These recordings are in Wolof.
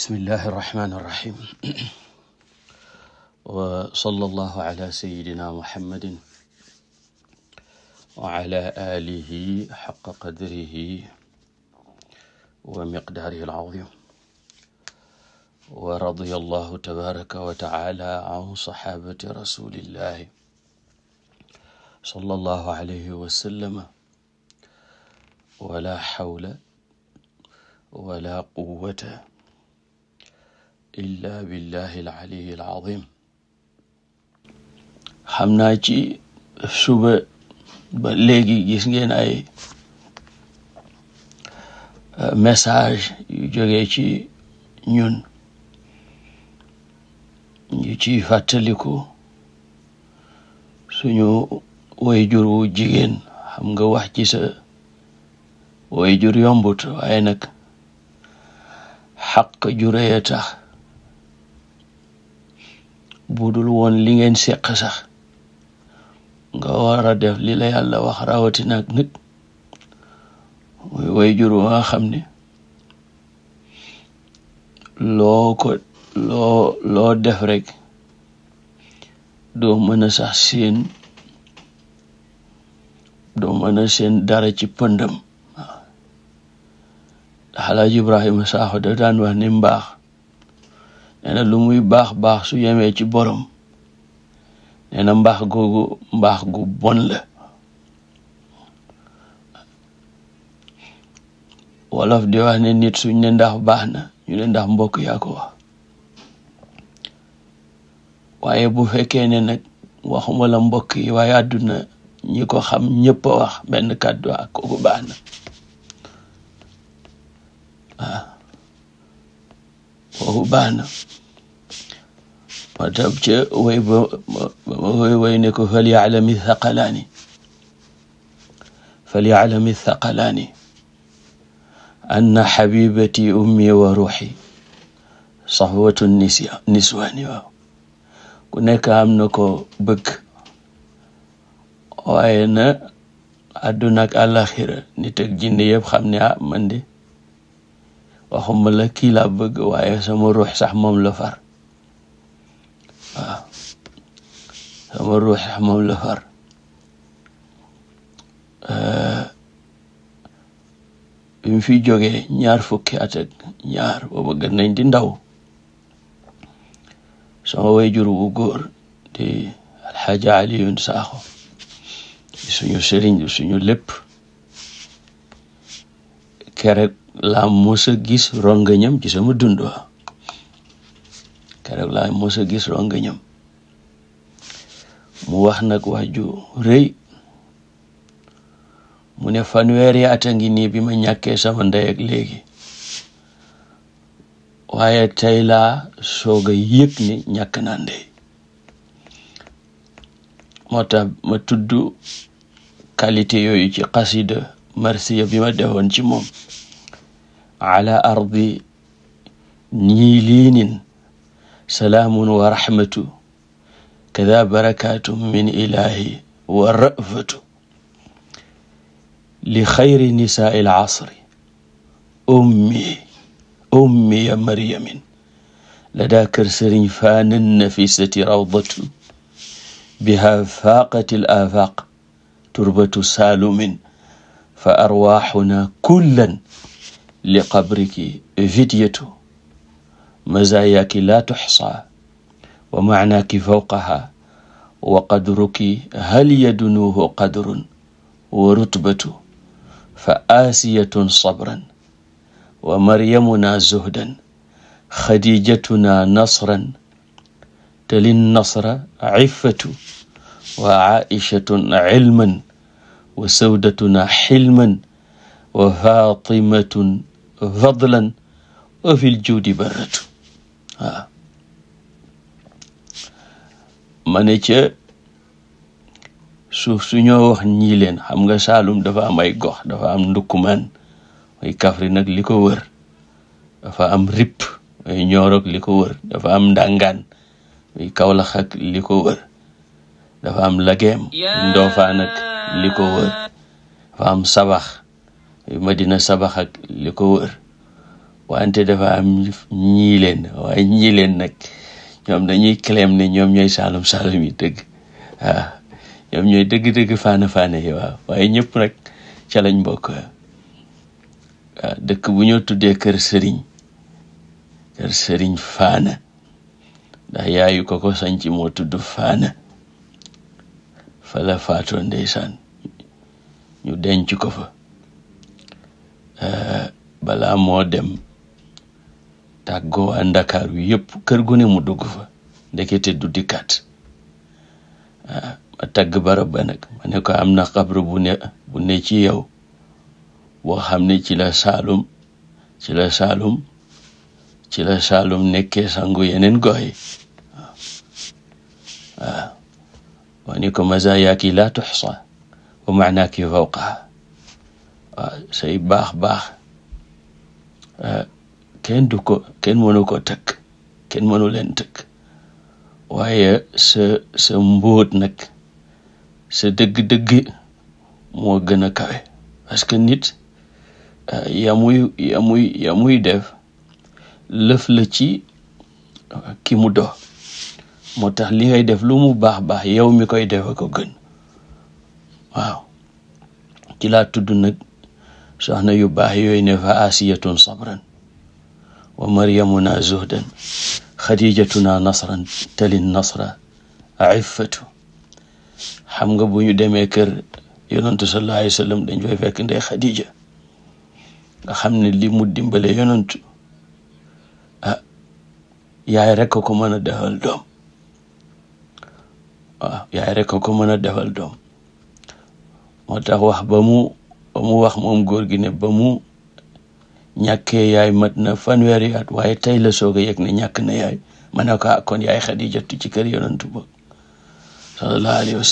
bismillahi irrahmani irrahim wa sallallahu ala sayidina muhammadin wa ala alihi xaqa qadrihi wa miqdaarihi al-aziim wa radiya allahu tabaaraka wa taala an saxaabati rasulillahi sallallahu alayhi wa sallam wala xawla wala quwwata illa billahi alaliyi alazim xam naa ci suba léegi gis ngeen ay euh, message yu joge ci ñun ñu ci fàttaliku suñu wayjur wu jigéen xam nga wax ci sa wayjur yombut waaye nag xaq tax budul woon li ngeen seq sax nga war a def li la yàlla wax rawatina ak nit muy way jur xam ne loo ko loo loo def rek doo mën a sax seen doo mën a seen dara ci pëndam waaw Alaaji Ibrahima Sakho da daan wax ne mbaax nee na lu muy baax-baax su yemee ci borom nee na mbaax googu mbaax gu bon la wolof di wax ne nit suñ ne ndax baax na ñu ne ndax mbokk yaa ko wax waaye bu fekkee ne nag waxuma la mbokk yi waaye àdduna ñi ko xam ñëpp wax benn kàddu ak kooku baax na kooku baax na watab ca way ba way way ne ko fal yaalami thaqalaani fal yaalami thaqalaani anna xabibati ummi wa ruuxi safwatu niswaani waaw ku nekk am na ko bëgg waaye na àdduna ak àlaxira nit ak jinne xam ne ah man waxuma la kii laa bëgg waaye sama ruux sax moom la far waaw sama ruux sax moom la far bi fi jógee ñaar fukki at ak ñaar booba gën nañ di ndaw sama wayjur bu góor di alxaaja Aliyun Saaxo di suñu sëriñ di suñu lépp keroog laa mos a gis rongañam ci sama dund wa keroog laa mos a gis rongañam mu wax nag wax ju rëy mu ne fanweeri at a ngi nii bi ma ñàkkee sama ndey ak léegi waaye tey laa soog a yëg ni ñàkk naa ndey moo tax ma tudd qualité yooyu ci xasida marsiya bi ma defoon ci moom ala ardi niiliinin salaamun wa rahmatu kada barakaatu min ilahi wa rafatu li xayri nisaai alasri ummi ummi ya mariamin ladaa kër sëriñ faanan nafisati rawdatu biha faaqati al afaaq turbatu saalumin fa arwaxuna kullan li qabriki vidiyatu mazaayaaki laa tuxsaa wa maanaaki fawqahaa wa qadruki hal yadunuhu qadrun wa rutbatu fa aasiyatun sabran wa maryamuna zuhdan xadiijatuna nasran te lin nasra iffatu wa aishatun ilman wa sawdatuna xilman wa fatimatun fadlan ovil fil juudi barratu ma ne ca suuf su ñoo wax ñii leen xam nga Saalum dafa am ay gox dafa am ndukkumaan mooy Kaffrine nag li ko wër dafa am Rip mooy Nioro li ko wër dafa am Ndangaan mooy Kaolack ak li ko dafa am Laguem Ndofaan ak li dafa am Sabax Madina Sabax ak li wër wante dafa am ñii leen waaye ñii leen nag ñoom dañuy claim ne ñoom ñooy saalum saalum yi dëgg ñoom ñooy dëgg-dëgg faana faana yi waaw waaye ñëpp nag ca lañ bokk dëkk bu ñoo tuddee kër sëriñ kër sëriñ faana ndax yaayu ko ko sañci moo tudd faana fa la faatoo ñu denc ko fa Euh, balaa moo dem tàggoo waa ndakaaru yëpp kër gu mu dugg fa ndekete du dikkaat ah, ma tagg barab ba nag ma ko am na xabru bu ne bu ne ci yow boo xam ne ci la saalum ci la saalum ci la saalum nekkee sangu yeneen gox yi waaw ah, ah, ma ne ko mazaayaaki laa tuxsa wa maanaaki waaw say baax-baax eh, kenn du ko kenn mënu ko tëkk kenn mënu leen tëkk waaye sa mboot nag sa dëgg-dëgg moo gën a kawe parce que nit eh, yamuy muy muy def lëf la ci ki mu do moo tax li ngay def lu mu baax baax yow mi koy defe ko gën waaw ci laa nag a yu baax yooyu ne fa asiyatun sabran wa maryamuna zuhdan xadijatuna nasran talin nasra iffatu xam nga bu ñu demee kër yonantu sallallahu alayhi dañ fay fekk ndey xadija nga xam ne li mu dimbale yonantu ah, yaay rek ko mën a defal doom waaw yaay rek ko mën a defal doom mu mu wax moom góor gi ne ba mu ñàkkee yaay mat na fanweeri at waaye tey la soog a yëg ne ñàkk na yaay ma ne ko ah, kon yaay xadijatu ci kër yonantu ba sallallahu alayhi wa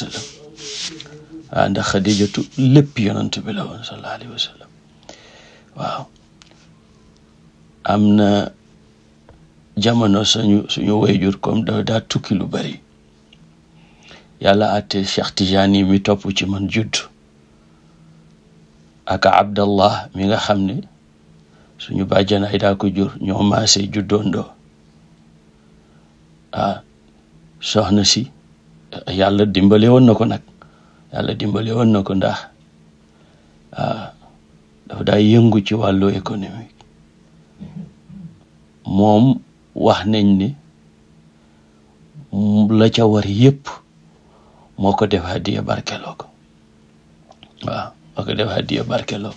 waaw ah, lépp yonantu bi am na jamono suñu suñu wayjur comme da daa tukki lu bari yàlla àtte Cheikh Tijani mi topp ci man judd aka abdallah mi nga xam ne suñu bàjjan ay daa ko jur ñoo maase juddoondoo ah soxna si yàlla dimbale wonna ko nag yàlla dimbale woon na ko ndax ah dafa daa yëngu ci wàllu économique moom wax nañ ni la ca war yépp moo ko def hadiya barkeloo ko waaw ba ko def hadiya barkeloo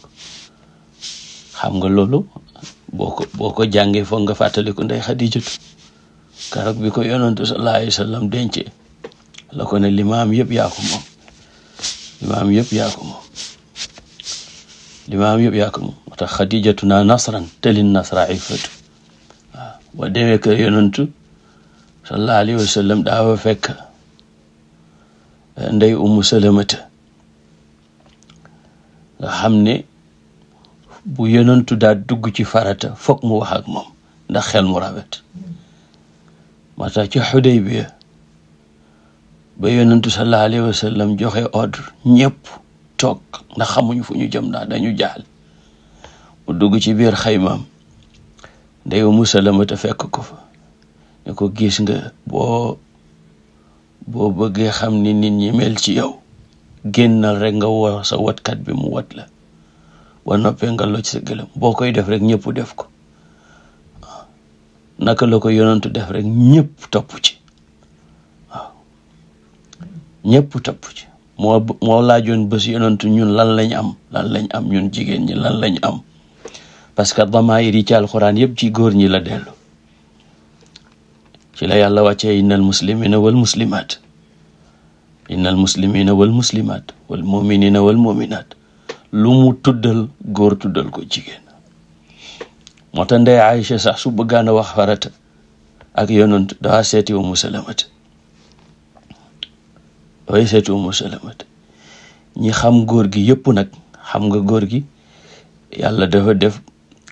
ko nga loolu boo ko boo ko jàngee foog nga fàttaliku ndey xadijatu karog bi ko yonantu sallallahu alayhi wa sallam ne limaam yëpp yaa ko moom limaam yëpp yaa ko moom limaam yëpp yaa ko moom moo tax xadijatu naa nasran telin nasra ay wa sallam eh, ndey umu salamata nga xam ne bu yonantu daa dugg ci farata foog mu wax ak moom ndax xel mu rafet moo tax ci Xudaybiya ba yonantu sallallahu alayhi wa joxe ordre ñépp toog ndax xamuñu fu ñu jëm ndax dañu jaal mu dugg ci biir xaymaam ndeyu musalamata fekk ko fa ne ko gis nga boo boo bëggee xam ni nit ñi mel ci yow génnal rek nga woo sa watkat bi mu wat la ba noppee nga loj sa gëlëm boo koy def rek ñëpp def ko waaw naka la ko yonantu def rek ñëpp topp ci waaw ñëpp ci moo moo laajoon bés yonantu ñun lan lañ am lan lañ am ñun jigéen ñi lan lañ am parce que damaayir yi ci alxuraan yëpp ci góor ñi la dellu ci la yàlla wàccee innal muslimina wal muslimaat innal muslimina wal muslimaat wal muminina wal muminaat lu mu tuddal góor tuddal ko jigéen moo tax ndey Aïcha sax su bëggaan a wax farata ak yonent daa seeti Umu Salamata daway seeti Umu Salamata ñi xam góor gi yëpp nag xam nga góor gi yàlla dafa def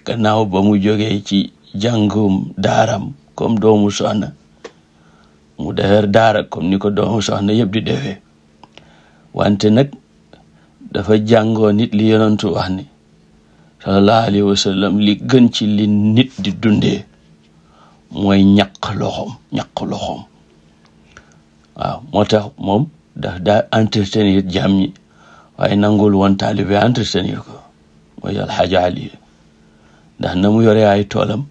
gannaaw ba mu jógee ci jàngum daaram comme doomu soxna mu der daara comme ni ko doomu soxna yëpp di defe wante nag dafa jàngoo nit li yonantu wax ni sallallahu alayhi wa li gën ci li nit di dunde mooy ñaq loxoom ñaq loxoom waaw moo moom daf da entretenir jaam ñi waaye nangul woon taalibe entretenir ko mooy alxaaji Ali ndax na mu yore ay toolam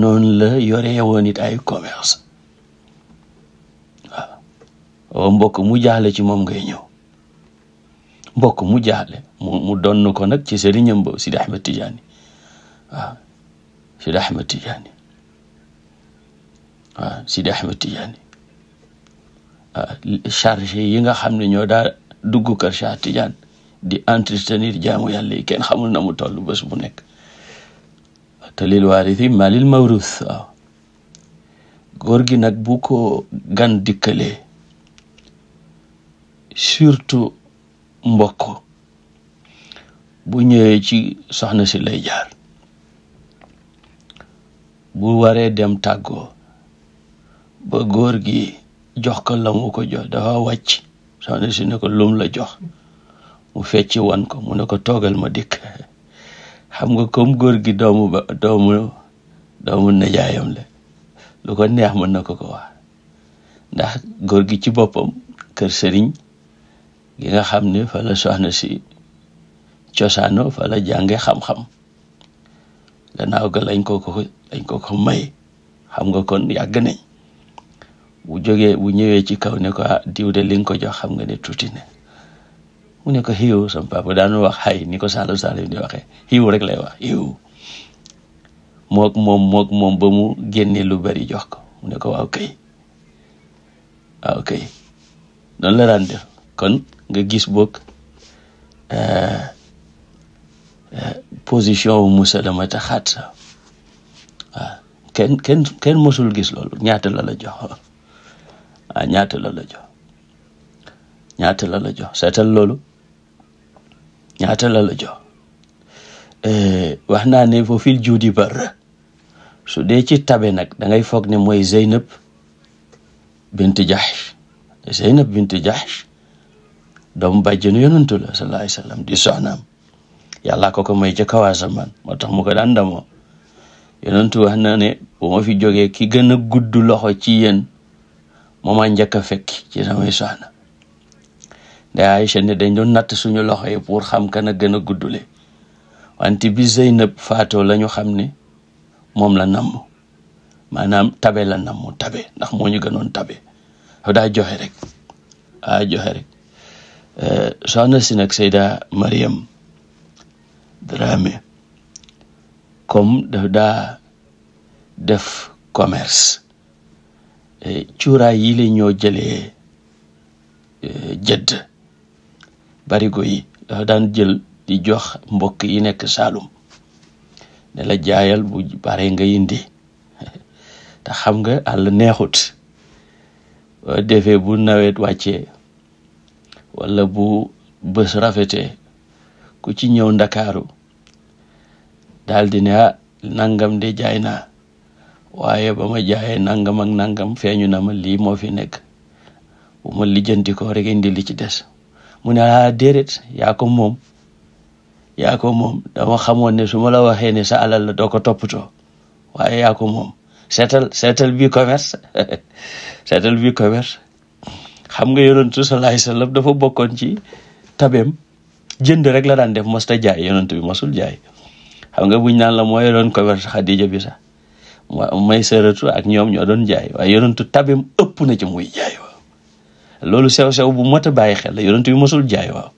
noonu la yore woon it ay commerce Oh, mbokk mu jaaxle ci moom ngay ñëw mbokk mu jaaxle mu mu ko nag ci sëriñam ba Sidi Ahmed Tidiane waaw ah, Sidi Ahmed Tidiane waaw ah, Sidi ah, yi nga xam ne ñoo daa dugg kër Cheikh Tidiane di entretenir jaamu yàlla yi kenn xamul na mu toll bés bu nekk te lil waarithi ma lil mawruth waaw gi nag bu ko gan dikkalee surtout mbokk bu ñëwee ci soxna si lay jaar bu waree dem tàggoo ba góor gi jox ko la mu ko jox dafa wàcc soxna si ne ko lum la jox mu fecci wan ko mu ne ko toogal ma dikk xam nga comme góor gi doomu ba doomu doomu najaayam lu ko neex mën na ko ko wax ndax góor gi ci boppam kër sëriñ gi nga xam ne fa la soxna si cosaano fa la jànge xam-xam gannaaw ga lañ ko lañ ko ko may xam nga kon yàgg nañ bu jógee bu ñëwee ci kaw ne ko ah, diw de li ko jox xam nga ne tuuti ne mu ne ko xiiw sama papa daan wax xay ni ko Saalum Saalum di waxee xiiw rek lay wax xiiw mook moom mook moom ba mu génne lu bari jox ko mu ne ko waaw kay waaw kay noonu la daan def kon nga gis boog euh, euh, position wu musalamata xaat sa waaw kenn kenn kenn gis loolu ñaata la la jox ñaata la la jox ñaata la la jox seetal loolu ñaata la la jox euh, wax naa ne foo fil juudi su dee ci tabe nag dangay foog ni mooy Zeynab bint Jahsh Zeynab bint Jahsh doomu bàjjenu yonantu la sallallahu alayhi wa sallam di soxnaam yàllaa ko ko may ca kaw asamaan moo tax mu ko daan damoo yonantu wax na ne bu ma fi jógee ki gën a gudd loxo ci yéen moo ma njëkk a fekk ci samay soxna nday Aïcha ne dañ doon natt suñu loxo yi pour xam kan a gën a guddule wante bi Zeynab faatoo la ñu xam ne moom la namm maanaam tabe la namm tabe ndax moo ñu gënoon tabe daa joxe rek a joxe rek soxna si nag Seyda Mariam Dramé comme daf daa def commerce cuuraay yi la ñoo jëlee jëdd barigo yi dafa daan jël di jox mbokk yi nekk Saalum ne la jaayal bu bare nga indi te xam nga àll neexut defee bu nawet wàccee walla bu bés rafete ku ci ñëw ndakaaru daldi ne ah nangam de jaay na waaye ba ma jaayee nangam ak nangam feeñu na ma lii moo fi nekk bu ma lijjanti ko rek indi li ci des mu ne ah déedéet yaa ko moom yaa dama xamoon ne su ma la waxee ne sa alal la doo ko toppatoo waaye yaa ko moom bi commerce seetal bi commerce xam nga yonentu sallallahu alayhi la dafa bokkoon ci tabeem jënd rek la daan def mos ta jaay yonentu bi mosul jaay xam nga buñ naan la moo yoroon ko bi sax may sëratu ak ñoom ñoo doon jaay waaye yonentu tabeem ëpp na ci muy waaw loolu sew-sew bu mot a bàyyi xel la yonentu bi mosul jaay waaw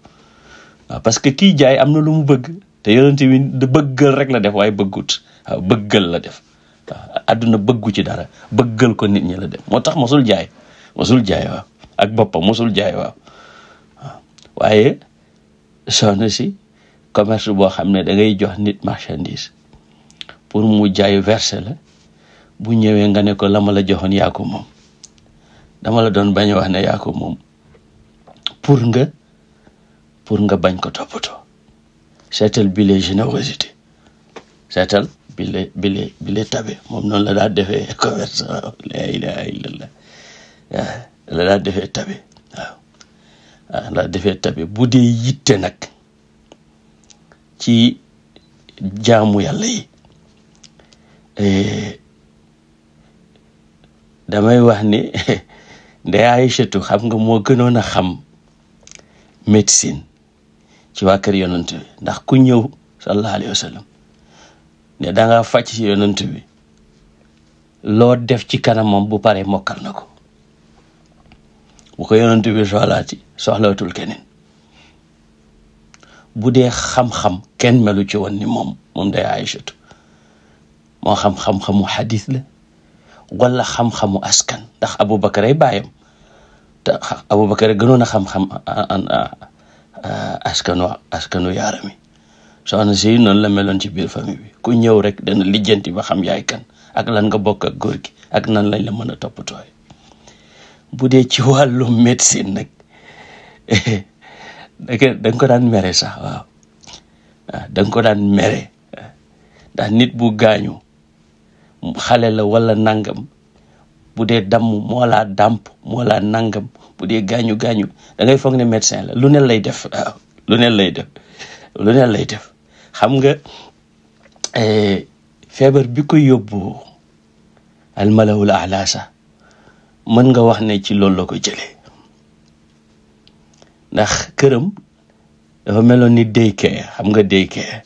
parce que kii jaay am na lu mu bëgg te yonent wi da bëggal rek la def waaye bëggut waaw la def waaw àdduna bëggu ci dara bëggal ko nit ñi la def moo tax mosul jaay mosul jaay waaw ak boppam mosul jaay waaw waaye soxna si commerce boo xam ne dangay jox nit marchandise pour mu jaay verse la bu ñëwee nga ne ko la ma la joxoon yaa ko moom la doon bañ wax ne yaa ko moom pour nga pour nga bañ ko toppatoo seetal bi les générosité seetal bi le tabe moom noonu la daa defee commerce waaw la ilaha illallah la daa defee tabe waaw waaw ah, bu dee yitte nag ci jaamu yàlla yi eh, damay wax ni ndey Aïchatu xam nga moo gënoon a xam médecine ci waa kër yonent ndax ku ñëw sallallahu alayhi wa ne danga ngaa ci yonent bi loo def ci kanamam bu pare mokkal na ko bu ko yonent bi soxlaati soxlaatul keneen bu dee xam-xam kenn melu ci woon ni moom moom ay Aïchatu moo xam xam-xamu xadis la wala xam-xamu askan ndax Aboubacar ay baayam te Aboubacar gënoon a xam-xam askanu askanu soo yi soxna si noonu la meloon ci biir famille ku ñëw rek dana lijjanti ba xam yaay kan ak lan nga bokk ak góor gi ak nan lañ la mën a toppatooy bu dee ci wàllu médecine nag da nga ko daan mere sax ko daan mere nit bu gaañu xale la walla nangam bu dee damm moo laa dàmp moo nangam bu dee gaañu gaañu da ngay foog ne médecin la lu ne lay def waaw lu ne lay def lu lay def xam nga eh, feebar bi ko yóbbu almalawul ala mën nga wax ne ci loolu la ko jëlee ndax këram dafa meloon ni daycare xam nga daycare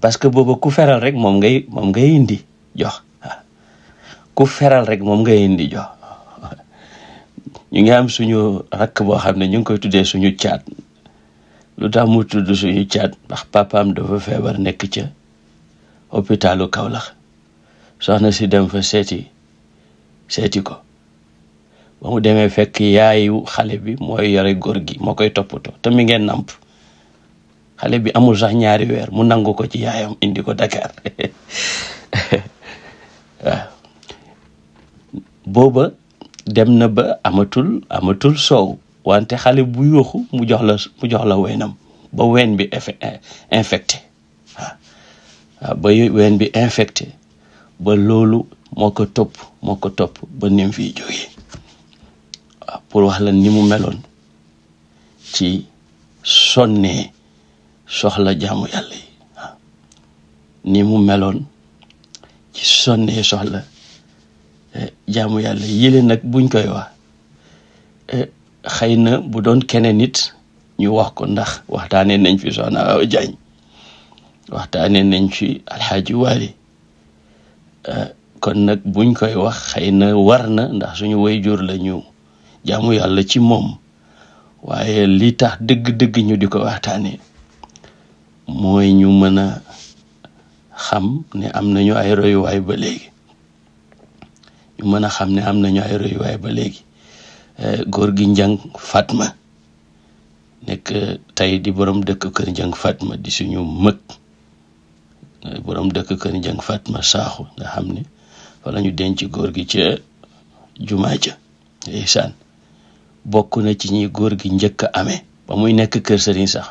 parce que booba ku feral rek moom ngay moom ngay indi jox ku feral rek moom nga indi jox ñu ngi am suñu rakk boo xam ne ñu ngi koy tuddee suñu caat lu tax mu tudd suñu caat ndax papaam dafa feebar nekk ca hôpitalu Kaolack soxna si dem fa seeti seeti ko ba demee fekk yaayu xale bi mooy yore góor gi moo koy toppatoo te mi ngeen namp xale bi amul sax ñaari weer mu nangu ko ci yaayam indi ko Dakar booba dem na ba amatul amatul soow wante xale bu yuuxu mu jox la jox la weenam ba ween bi infecté waaw ba bi infecté ba loolu moo ko topp moo ko topp ba nim fiy pour wax la ni mu meloon ci sonnee soxla jaamu yàlla yi waaw ni mu meloon ci soxla eh, jaamu yàlla yële nag buñ koy wax eh, xëy na bu doon keneen it ñu wax ko ndax waxtaanee nañ fi soxna Awa Jaañ waxtaanee nañ fi alxaaji Waali eh, kon nag buñ koy wax xëy na war na ndax suñu way jur la ñu jaamu yàlla ci moom waaye li tax dëgg-dëgg ñu di ko waxtaane mooy ñu mën a xam ne am nañu ay ñu a xam ne am nañu ay royuwaay ba léegi eh, góor gi njang Fatma nekk tey di borom dëkk kër njang Fatma di suñu mëg eh, borom dëkk kër njang Fatma saaxu nga xam ne fa la ñu denc góor gi ca jumaa ja ndeysaan bokk na ci ñi góor gi njëkk a amee ba muy nekk kër sëriñ sax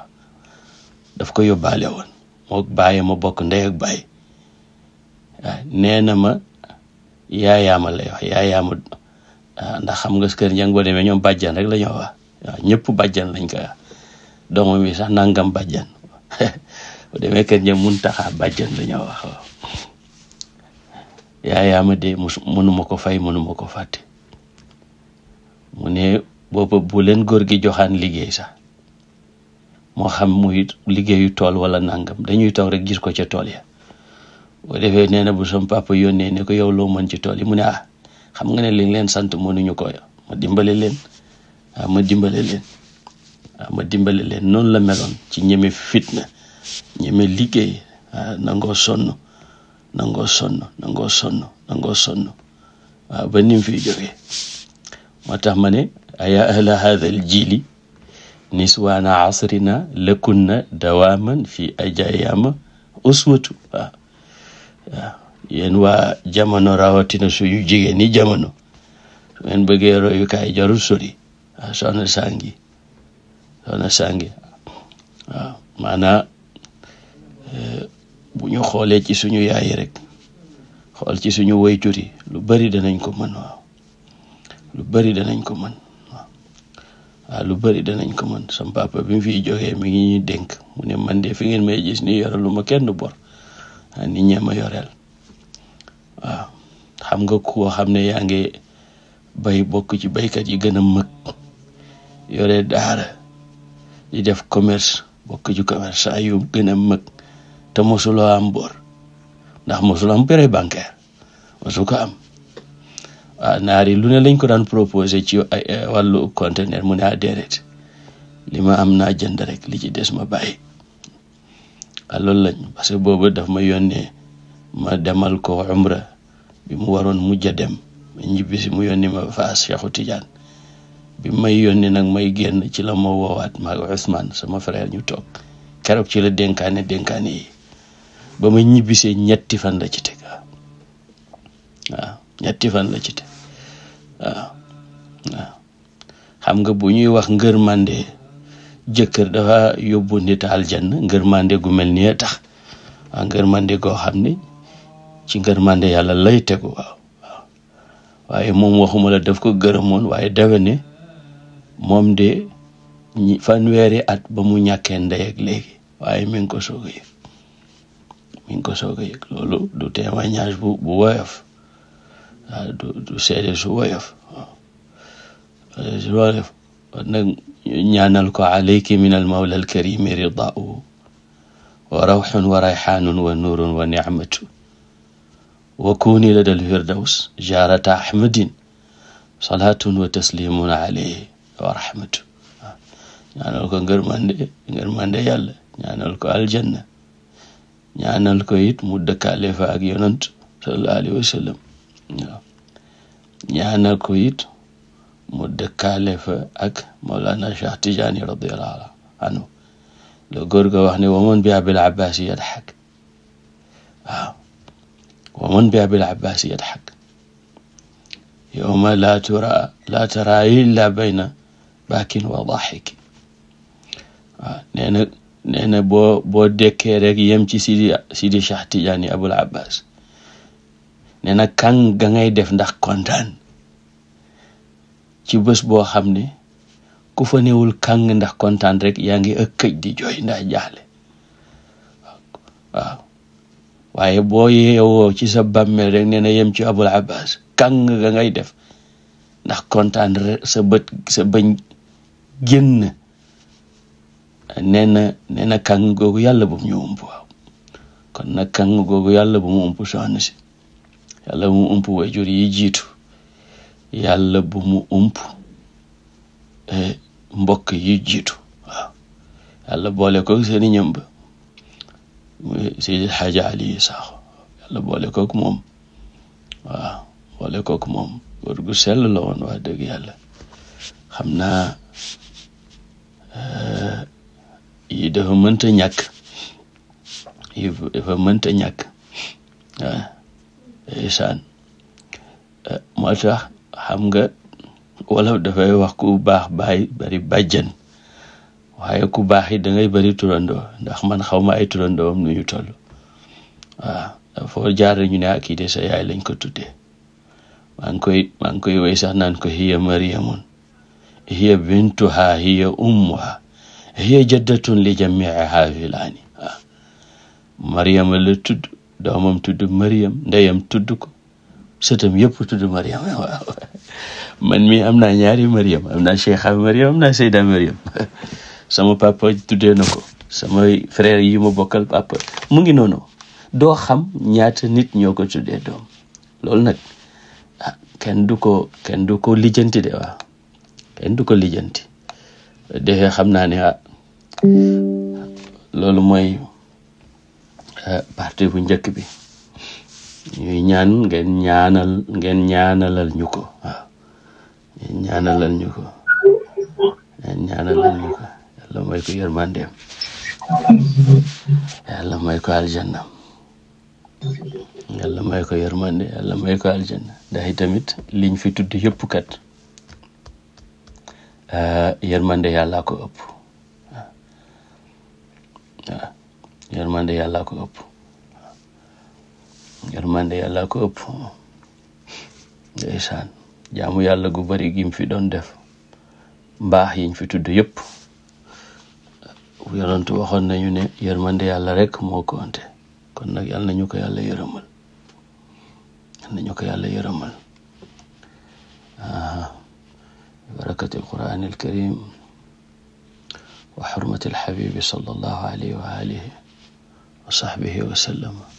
daf ko yóbbaale woon moo bàyyi ma bokk ndey ak bàyyi waaw nee na ma yaayaama lay wax yaayaama ah, ndax xam nga kër njàng boo demee ñoom bàjjan rek la bàjjan lañ ko wax sax nangam bàjjan bu demee kër njàng bàjjan la ñoo wax waaw de mënuma ko fay mënuma ko fàtte mu booba bu leen góor gi joxaan liggéey sax moo xam muy liggéeyu tool wala nangam dañuy taw rek gis ko ca tool ya boo defee nee na bu sam papa yónnee ne ko yow loo man ci tool yi mu ne ah xam nga ne liñ leen sant mënuñu ko ma dimbale leen ah, ma dimbale leen ah ma dimbale leen noonu la meloon ci ñeme fitna ñeme liggéey ah, nangoo sonn nangoo sonn nangoo sonn nangoo sonn waaw ah, ba ni mu fiy moo tax ma ne aya ahla hadha aljili niswaana asrina lakunna dawaaman fi ajayama uswatu waaw waa jamono rawatina suñu jigéen ñi jamono su ngeen bëggee royukaay jarul sori waaw soxna sàngi soxna sàngi maanaa bu ñu xoolee ci suñu yaay rek xool ci suñu wayturi lu bari danañ ko mën waaw lu bari danañ ko mën waaw ah, lu bëri danañ ko mën sam papa bi mu fi joxee mi ngi ñuy dénk mu ne man de fi ngeen may gis ni yore lu ma kenn bor ah, nit ñee ma yoreel waaw ah, xam nga koo xam ne yaa ngi bay bokk ci baykat yi gën a mëg yore daara di def commerce bokk ci commerce saa yu gën a mëg te mosuloo am bor ndax mosuloo am prêt bancaire mosu ko am waaw ah, naar yi lu ne lañ ko daan proposé ci eh, eh, wàllu conteneur mu ne ah déedéet li ma am naa jënd rek li ci des ma bàyyi waaw ah, loolu lañ parce que boobu daf ma yónnee ma demal ko umra bi mu waroon mujj a dem ñibbisi mu yónnee ma faas Cheikhu Tidiane bi may yónnee nag may génn ci la ma woowaat maag Ousmane sama frère ñu toog keroog ci la dénkaane dénkaane yi ba ma ñibbisee ñetti fan la ci teg ah. ñetti fan la ci teg xam nga bu ñuy wax ngërmande jëkkër dafa yóbbu nit aljanna ngërmande gu mel nii tax waaw ngërmande goo xam ne ci ngërmande yàlla lay tegu waaw waaw waaye moom waxuma la daf ko gërëmoon waaye dawe ne moom de ñi fanweeri at ba mu ñàkkee ndey ak léegi waaye mi ko soog a yëg mi ngi ko bu bu woyof waaw ah, du du seede ah, ñaanal ko alayki min al mawla al karimi ridaa'u wa rawxun wa rayxaanun wa nuurun wa nicmatu wa jaarata ahmadin salaatun wa taslimun alayhi ah, ñaanal ko ngërmande ngërmande yàlla ñaanal ko aljanna ñaanal ko it mu waaw ñaanal ko it mu dëkkaale fa ak Mawlana Cheikh Tijaani radiyallahu anhu la góor ga wax ne waman bi abil abbasi yadxak waaw waman bi abil abbasi yadxak yowma laa tura laa tara illa bayna baakin wa daxiki waaw boo boo rek yem ci sidi sidi Cheikh Tijaani nee na kàng ga ngay def ndax kontaan ci bés boo xam ne ku fa newul kàng ndax kontaan rek yaa ngi ëk këj di jooy ndax jaaxle waaye boo yeewoo ci sa bàmmeel rek nee na yem ci abul abbas kàng ga ngay def ndax kontaan sa bët sa bëñ génn nee na nee na kàng googu yàlla bu waaw kon na kàng googu yàlla bu mu ump soxna yàlla mu ump wayjur yi jiitu yàlla bu mu ump eh, mbokk yi jiitu waaw yàlla boole koog seeni ñëmb Seydi Xaaja Ali Sakho yàlla boole moom waaw boole moom góor gu sell la woon wax dëgg yàlla xam naa eh, yi dafa mënta ñàkk yi dafa mënta ñàkk ndeysaan eh, moo tax xam nga wala dafay wax ku baax baay bari bàjjan waaye ku baax yi dangay ngay bari turandoo ndax man xaw ma ay turandoom nu ñu toll waaw foo jaar ñu ne ah, kii de sa lañ ko tuddee maa ngi koy maa ngi koy woy sax naan ko hiya mariamun hiya bintuha hiya ummuha hiya jaddatun li jamiiha filaani waaw la tudd doomam tudd Mariam ndeyam tudd ko sëtam yëpp tudd Mariam waaw man mi am naa ñaari Mariam am naa Cheikha Mariam am naa Seyda Mariam sama papa tuddee na ko samay frère yi ma bokkal papa mu ngi noonu doo xam ñaata nit ñoo ko tuddee doom loolu nag ah kenn du du ko lijjanti de waaw kenn du ko lijjanti de xam naa ne ah, mooy Eh, parti bu njëkk bi ñuy ñaan ngeen ñaanal ngeen ñaanalal ñu ko waaw ngeen ñaanalal ñu ko ngeen ñaanalal ñu ko yàlla may ko yërmandeem yàlla may ko aljanna yàlla may ko yërmande yàlla may ko aljanna ndax itamit liñ fi tudd yëpp kat eh, yërmande yàlla ko ëpp waaw yërmande yàlla ko ëpp yërmande yàlla ko ëpp ndeysaan jaamu yàlla gu bari gim fi doon def mbaax yiñ fi tudd yëpp yonentu waxoon nañu ne yërmande yàlla rek moo konte kon nag yàlla nañu ko yàlla yërëmal yàlla nañu ko yàlla yërëmal barakati alquran alkarim wa xurmati alxabibi sallallahu alayhi wa wa sahbihi wa sallama